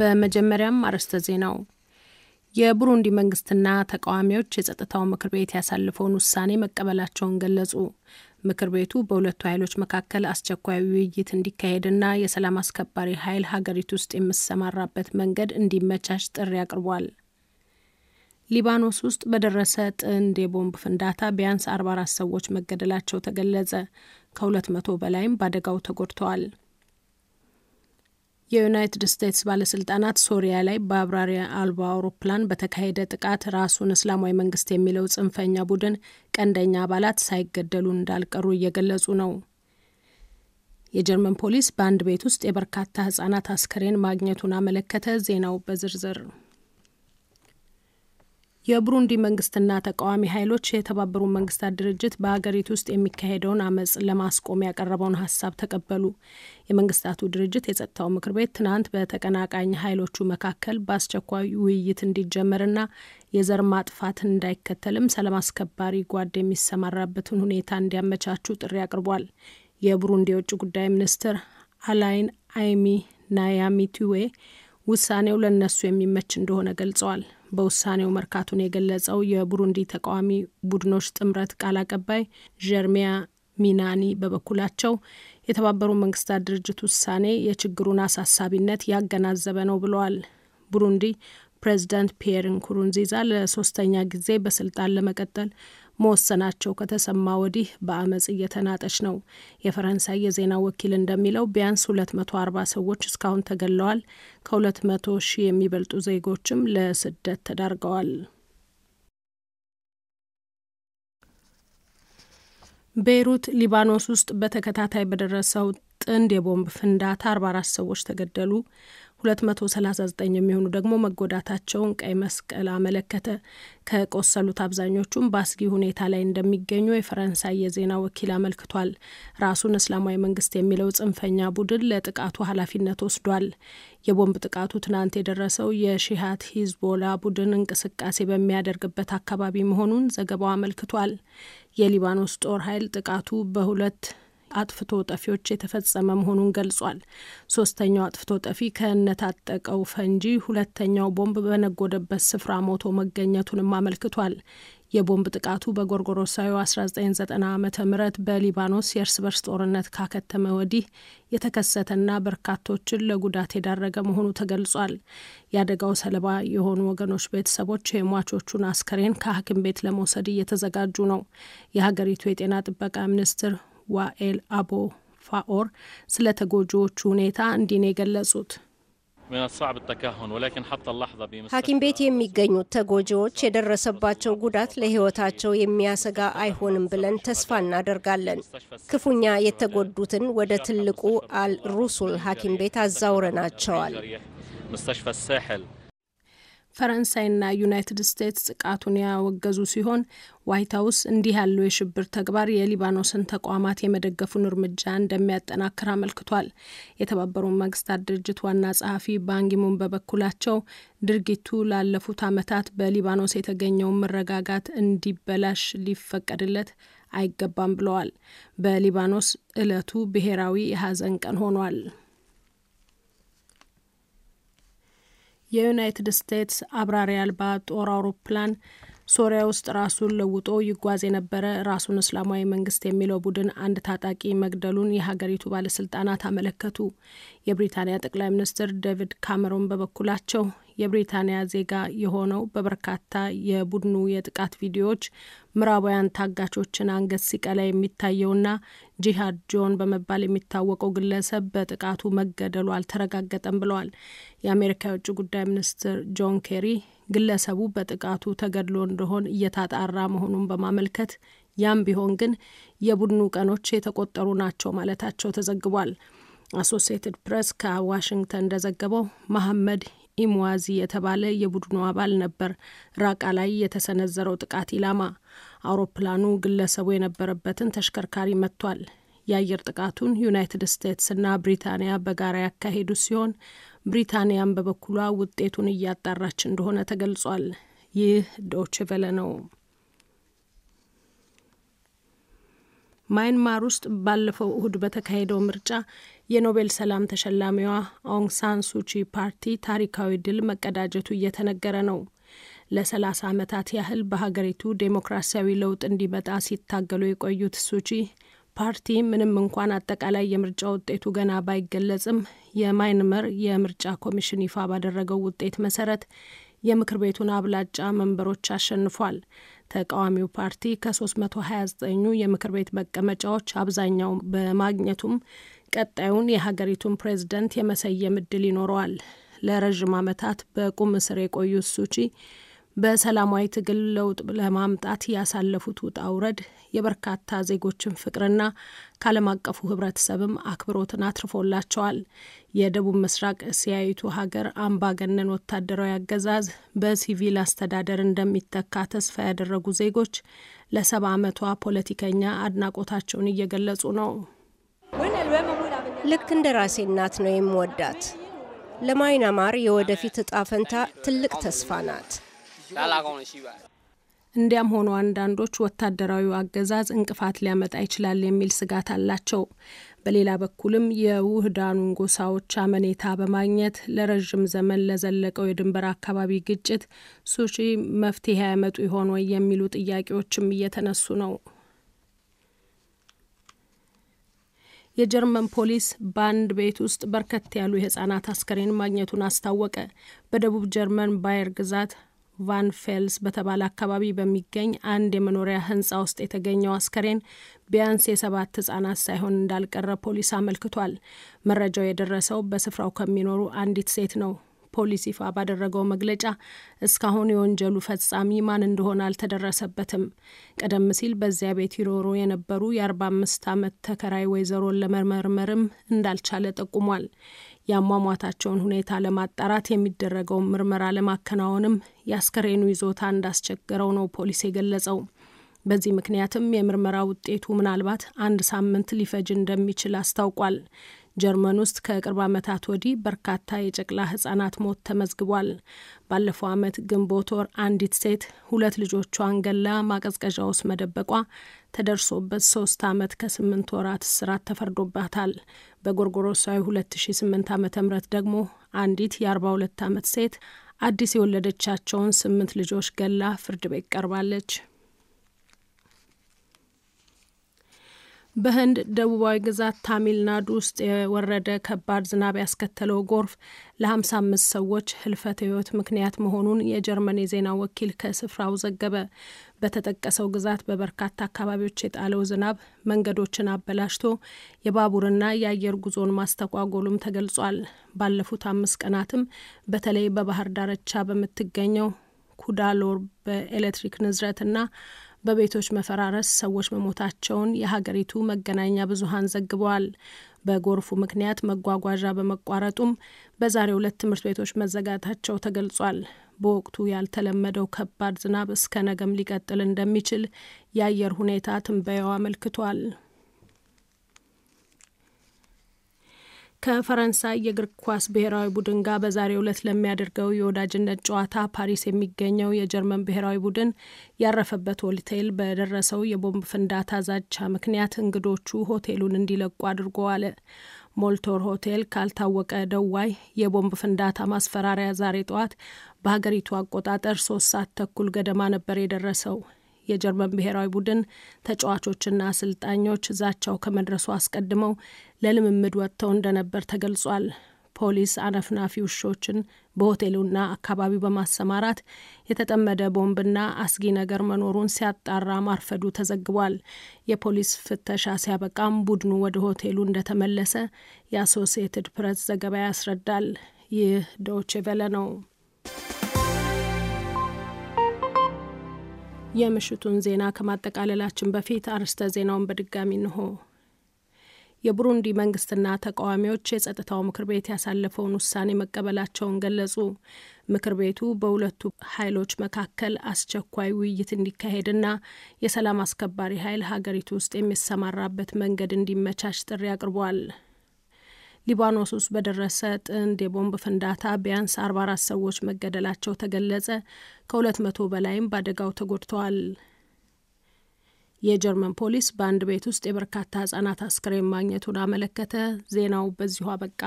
በመጀመሪያም አርዕስተ ዜናው የቡሩንዲ መንግስትና ተቃዋሚዎች የጸጥታው ምክር ቤት ያሳለፈውን ውሳኔ መቀበላቸውን ገለጹ። ምክር ቤቱ በሁለቱ ኃይሎች መካከል አስቸኳይ ውይይት እንዲካሄድና የሰላም አስከባሪ ኃይል ሀገሪቱ ውስጥ የምሰማራበት መንገድ እንዲመቻች ጥሪ አቅርቧል። ሊባኖስ ውስጥ በደረሰ ጥንድ የቦምብ ፍንዳታ ቢያንስ 44 ሰዎች መገደላቸው ተገለጸ። ከሁለት መቶ በላይም በአደጋው ተጎድተዋል። የዩናይትድ ስቴትስ ባለስልጣናት ሶሪያ ላይ በአብራሪ አልባ አውሮፕላን በተካሄደ ጥቃት ራሱን እስላማዊ መንግስት የሚለው ጽንፈኛ ቡድን ቀንደኛ አባላት ሳይገደሉ እንዳልቀሩ እየገለጹ ነው። የጀርመን ፖሊስ በአንድ ቤት ውስጥ የበርካታ ህጻናት አስከሬን ማግኘቱን አመለከተ። ዜናው በዝርዝር የቡሩንዲ መንግስትና ተቃዋሚ ኃይሎች የተባበሩ መንግስታት ድርጅት በሀገሪቱ ውስጥ የሚካሄደውን አመጽ ለማስቆም ያቀረበውን ሀሳብ ተቀበሉ። የመንግስታቱ ድርጅት የጸጥታው ምክር ቤት ትናንት በተቀናቃኝ ኃይሎቹ መካከል በአስቸኳይ ውይይት እንዲጀመርና የዘር ማጥፋት እንዳይከተልም ሰላም አስከባሪ ጓድ የሚሰማራበትን ሁኔታ እንዲያመቻቹ ጥሪ አቅርቧል። የቡሩንዲ የውጭ ጉዳይ ሚኒስትር አላይን አይሚ ናያሚቲዌ ውሳኔው ለእነሱ የሚመች እንደሆነ ገልጸዋል። በውሳኔው መርካቱን የገለጸው የቡሩንዲ ተቃዋሚ ቡድኖች ጥምረት ቃል አቀባይ ጀርሚያ ሚናኒ በበኩላቸው የተባበሩ መንግስታት ድርጅት ውሳኔ የችግሩን አሳሳቢነት ያገናዘበ ነው ብለዋል። ቡሩንዲ ፕሬዚዳንት ፒየር ንኩሩንዚዛ ለሶስተኛ ጊዜ በስልጣን ለመቀጠል መወሰናቸው ከተሰማ ወዲህ በአመጽ እየተናጠች ነው። የፈረንሳይ የዜና ወኪል እንደሚለው ቢያንስ 240 ሰዎች እስካሁን ተገለዋል ከ ከ200 ሺህ የሚበልጡ ዜጎችም ለስደት ተዳርገዋል። ቤይሩት ሊባኖስ ውስጥ በተከታታይ በደረሰው ጥንድ የቦምብ ፍንዳታ 44 ሰዎች ተገደሉ፣ 239 የሚሆኑ ደግሞ መጎዳታቸውን ቀይ መስቀል አመለከተ። ከቆሰሉት አብዛኞቹም በአስጊ ሁኔታ ላይ እንደሚገኙ የፈረንሳይ የዜና ወኪል አመልክቷል። ራሱን እስላማዊ መንግስት የሚለው ጽንፈኛ ቡድን ለጥቃቱ ኃላፊነት ወስዷል። የቦምብ ጥቃቱ ትናንት የደረሰው የሺሃት ሂዝቦላ ቡድን እንቅስቃሴ በሚያደርግበት አካባቢ መሆኑን ዘገባው አመልክቷል። የሊባኖስ ጦር ኃይል ጥቃቱ በሁለት አጥፍቶ ጠፊዎች የተፈጸመ መሆኑን ገልጿል። ሶስተኛው አጥፍቶ ጠፊ ከነታጠቀው ፈንጂ ሁለተኛው ቦምብ በነጎደበት ስፍራ ሞቶ መገኘቱንም አመልክቷል። የቦምብ ጥቃቱ በጎርጎሮሳዊ 1990 ዓ ም በሊባኖስ የእርስ በርስ ጦርነት ካከተመ ወዲህ የተከሰተና በርካቶችን ለጉዳት የዳረገ መሆኑ ተገልጿል። የአደጋው ሰለባ የሆኑ ወገኖች ቤተሰቦች የሟቾቹን አስከሬን ከሐኪም ቤት ለመውሰድ እየተዘጋጁ ነው። የሀገሪቱ የጤና ጥበቃ ሚኒስትር ዋኤል አቦ ፋኦር ስለ ተጎጂዎቹ ሁኔታ እንዲህ ነው የገለጹት። ሐኪም ቤት የሚገኙት ተጎጂዎች የደረሰባቸው ጉዳት ለሕይወታቸው የሚያሰጋ አይሆንም ብለን ተስፋ እናደርጋለን። ክፉኛ የተጎዱትን ወደ ትልቁ አልሩሱል ሐኪም ቤት አዛውረናቸዋል። ፈረንሳይና ዩናይትድ ስቴትስ ጥቃቱን ያወገዙ ሲሆን ዋይት ሀውስ እንዲህ ያለው የሽብር ተግባር የሊባኖስን ተቋማት የመደገፉን እርምጃ እንደሚያጠናክር አመልክቷል። የተባበሩት መንግስታት ድርጅት ዋና ጸሐፊ ባንኪሙን በበኩላቸው ድርጊቱ ላለፉት ዓመታት በሊባኖስ የተገኘውን መረጋጋት እንዲበላሽ ሊፈቀድለት አይገባም ብለዋል። በሊባኖስ ዕለቱ ብሔራዊ የሀዘን ቀን ሆኗል። የዩናይትድ ስቴትስ አብራሪ አልባ ጦር አውሮፕላን ሶሪያ ውስጥ ራሱን ለውጦ ይጓዝ የነበረ ራሱን እስላማዊ መንግስት የሚለው ቡድን አንድ ታጣቂ መግደሉን የሀገሪቱ ባለስልጣናት አመለከቱ። የብሪታንያ ጠቅላይ ሚኒስትር ዴቪድ ካሜሮን በበኩላቸው የብሪታንያ ዜጋ የሆነው በበርካታ የቡድኑ የጥቃት ቪዲዮዎች ምዕራባውያን ታጋቾችን አንገት ሲቀላ የሚታየውና ጂሃድ ጆን በመባል የሚታወቀው ግለሰብ በጥቃቱ መገደሉ አልተረጋገጠም ብለዋል። የአሜሪካ የውጭ ጉዳይ ሚኒስትር ጆን ኬሪ ግለሰቡ በጥቃቱ ተገድሎ እንደሆን እየታጣራ መሆኑን በማመልከት ያም ቢሆን ግን የቡድኑ ቀኖች የተቆጠሩ ናቸው ማለታቸው ተዘግቧል። አሶሲየትድ ፕሬስ ከዋሽንግተን እንደዘገበው መሐመድ ኢሙዋዚ የተባለ የቡድኑ አባል ነበር ራቃ ላይ የተሰነዘረው ጥቃት ኢላማ። አውሮፕላኑ ግለሰቡ የነበረበትን ተሽከርካሪ መጥቷል። የአየር ጥቃቱን ዩናይትድ እና ብሪታንያ በጋራ ያካሄዱ ሲሆን ብሪታንያም በበኩሏ ውጤቱን እያጣራች እንደሆነ ተገልጿል። ይህ ዶችቨለ ነው። ማይንማር ውስጥ ባለፈው እሁድ በተካሄደው ምርጫ የኖቤል ሰላም ተሸላሚዋ ኦንግሳን ሱቺ ፓርቲ ታሪካዊ ድል መቀዳጀቱ እየተነገረ ነው። ለሰላሳ ዓመታት ያህል በሀገሪቱ ዴሞክራሲያዊ ለውጥ እንዲመጣ ሲታገሉ የቆዩት ሱቺ ፓርቲ ምንም እንኳን አጠቃላይ የምርጫ ውጤቱ ገና ባይገለጽም የማይንመር የምርጫ ኮሚሽን ይፋ ባደረገው ውጤት መሰረት የምክር ቤቱን አብላጫ መንበሮች አሸንፏል። ተቃዋሚው ፓርቲ ከ329ኙ የምክር ቤት መቀመጫዎች አብዛኛው በማግኘቱም ቀጣዩን የሀገሪቱን ፕሬዝደንት የመሰየም እድል ይኖረዋል። ለረዥም ዓመታት በቁም እስር የቆዩት ሱቺ በሰላማዊ ትግል ለውጥ ለማምጣት ያሳለፉት ውጣ ውረድ የበርካታ ዜጎችን ፍቅርና ከዓለም አቀፉ ህብረተሰብም አክብሮትን አትርፎላቸዋል። የደቡብ ምስራቅ እስያዊቱ ሀገር አምባገነን ወታደራዊ አገዛዝ በሲቪል አስተዳደር እንደሚተካ ተስፋ ያደረጉ ዜጎች ለሰባ ዓመቷ ፖለቲከኛ አድናቆታቸውን እየገለጹ ነው። ልክ እንደ ራሴ እናት ነው የምወዳት። ለማይናማር የወደፊት እጣ ፈንታ ትልቅ ተስፋ ናት። እንዲያም ሆኖ አንዳንዶች ወታደራዊ አገዛዝ እንቅፋት ሊያመጣ ይችላል የሚል ስጋት አላቸው። በሌላ በኩልም የውህዳኑን ጎሳዎች አመኔታ በማግኘት ለረዥም ዘመን ለዘለቀው የድንበር አካባቢ ግጭት ሱሺ መፍትሄ ያመጡ ይሆን ወይ የሚሉ ጥያቄዎችም እየተነሱ ነው። የጀርመን ፖሊስ በአንድ ቤት ውስጥ በርከት ያሉ የህጻናት አስከሬን ማግኘቱን አስታወቀ። በደቡብ ጀርመን ባየር ግዛት ቫን ፌልስ በተባለ አካባቢ በሚገኝ አንድ የመኖሪያ ህንፃ ውስጥ የተገኘው አስከሬን ቢያንስ የሰባት ህጻናት ሳይሆን እንዳልቀረ ፖሊስ አመልክቷል። መረጃው የደረሰው በስፍራው ከሚኖሩ አንዲት ሴት ነው። ፖሊስ ይፋ ባደረገው መግለጫ እስካሁን የወንጀሉ ፈጻሚ ማን እንደሆነ አልተደረሰበትም። ቀደም ሲል በዚያ ቤት ይኖሩ የነበሩ የ45 ዓመት ተከራይ ወይዘሮን ለመመርመርም እንዳልቻለ ጠቁሟል። የአሟሟታቸውን ሁኔታ ለማጣራት የሚደረገውን ምርመራ ለማከናወንም የአስከሬኑ ይዞታ እንዳስቸገረው ነው ፖሊስ የገለጸው። በዚህ ምክንያትም የምርመራ ውጤቱ ምናልባት አንድ ሳምንት ሊፈጅ እንደሚችል አስታውቋል። ጀርመን ውስጥ ከቅርብ ዓመታት ወዲህ በርካታ የጨቅላ ህጻናት ሞት ተመዝግቧል። ባለፈው ዓመት ግንቦት ወር አንዲት ሴት ሁለት ልጆቿን ገላ ማቀዝቀዣ ውስጥ መደበቋ ተደርሶበት ሶስት ዓመት ከስምንት ወራት እስራት ተፈርዶባታል። በጎርጎሮሳዊ 2008 ዓ ም ደግሞ አንዲት የ42 ዓመት ሴት አዲስ የወለደቻቸውን ስምንት ልጆች ገላ ፍርድ ቤት ቀርባለች። በህንድ ደቡባዊ ግዛት ታሚልናዱ ውስጥ የወረደ ከባድ ዝናብ ያስከተለው ጎርፍ ለ55 ሰዎች ህልፈት ህይወት ምክንያት መሆኑን የጀርመን የዜና ወኪል ከስፍራው ዘገበ። በተጠቀሰው ግዛት በበርካታ አካባቢዎች የጣለው ዝናብ መንገዶችን አበላሽቶ የባቡርና የአየር ጉዞን ማስተጓጎሉም ተገልጿል። ባለፉት አምስት ቀናትም በተለይ በባህር ዳርቻ በምትገኘው ኩዳሎር በኤሌክትሪክ ንዝረትና በቤቶች መፈራረስ ሰዎች መሞታቸውን የሀገሪቱ መገናኛ ብዙሃን ዘግበዋል። በጎርፉ ምክንያት መጓጓዣ በመቋረጡም በዛሬው ሁለት ትምህርት ቤቶች መዘጋታቸው ተገልጿል። በወቅቱ ያልተለመደው ከባድ ዝናብ እስከ ነገም ሊቀጥል እንደሚችል የአየር ሁኔታ ትንበያው አመልክቷል። ከፈረንሳይ የእግር ኳስ ብሔራዊ ቡድን ጋር በዛሬው ዕለት ለሚያደርገው የወዳጅነት ጨዋታ ፓሪስ የሚገኘው የጀርመን ብሔራዊ ቡድን ያረፈበት ሆቴል በደረሰው የቦምብ ፍንዳታ ዛቻ ምክንያት እንግዶቹ ሆቴሉን እንዲለቁ አድርጎ አለ። ሞልቶር ሆቴል ካልታወቀ ደዋይ የቦምብ ፍንዳታ ማስፈራሪያ ዛሬ ጠዋት በሀገሪቱ አቆጣጠር ሶስት ሰዓት ተኩል ገደማ ነበር የደረሰው። የጀርመን ብሔራዊ ቡድን ተጫዋቾችና አሰልጣኞች ዛቻው ከመድረሱ አስቀድመው ለልምምድ ወጥተው እንደነበር ተገልጿል። ፖሊስ አነፍናፊ ውሾችን በሆቴሉና አካባቢው በማሰማራት የተጠመደ ቦምብና አስጊ ነገር መኖሩን ሲያጣራ ማርፈዱ ተዘግቧል። የፖሊስ ፍተሻ ሲያበቃም ቡድኑ ወደ ሆቴሉ እንደተመለሰ የአሶሲየትድ ፕሬስ ዘገባ ያስረዳል። ይህ ዶቼ ቬለ ነው። የምሽቱን ዜና ከማጠቃለላችን በፊት አርስተ ዜናውን በድጋሚ እንሆ። የቡሩንዲ መንግስትና ተቃዋሚዎች የጸጥታው ምክር ቤት ያሳለፈውን ውሳኔ መቀበላቸውን ገለጹ። ምክር ቤቱ በሁለቱ ኃይሎች መካከል አስቸኳይ ውይይት እንዲካሄድና የሰላም አስከባሪ ኃይል ሀገሪቱ ውስጥ የሚሰማራበት መንገድ እንዲመቻች ጥሪ አቅርቧል። ሊባኖስ ውስጥ በደረሰ ጥንድ የቦምብ ፍንዳታ ቢያንስ 44 ሰዎች መገደላቸው ተገለጸ። ከሁለት መቶ በላይም በአደጋው ተጎድተዋል። የጀርመን ፖሊስ በአንድ ቤት ውስጥ የበርካታ ህጻናት አስክሬን ማግኘቱን አመለከተ። ዜናው በዚሁ አበቃ።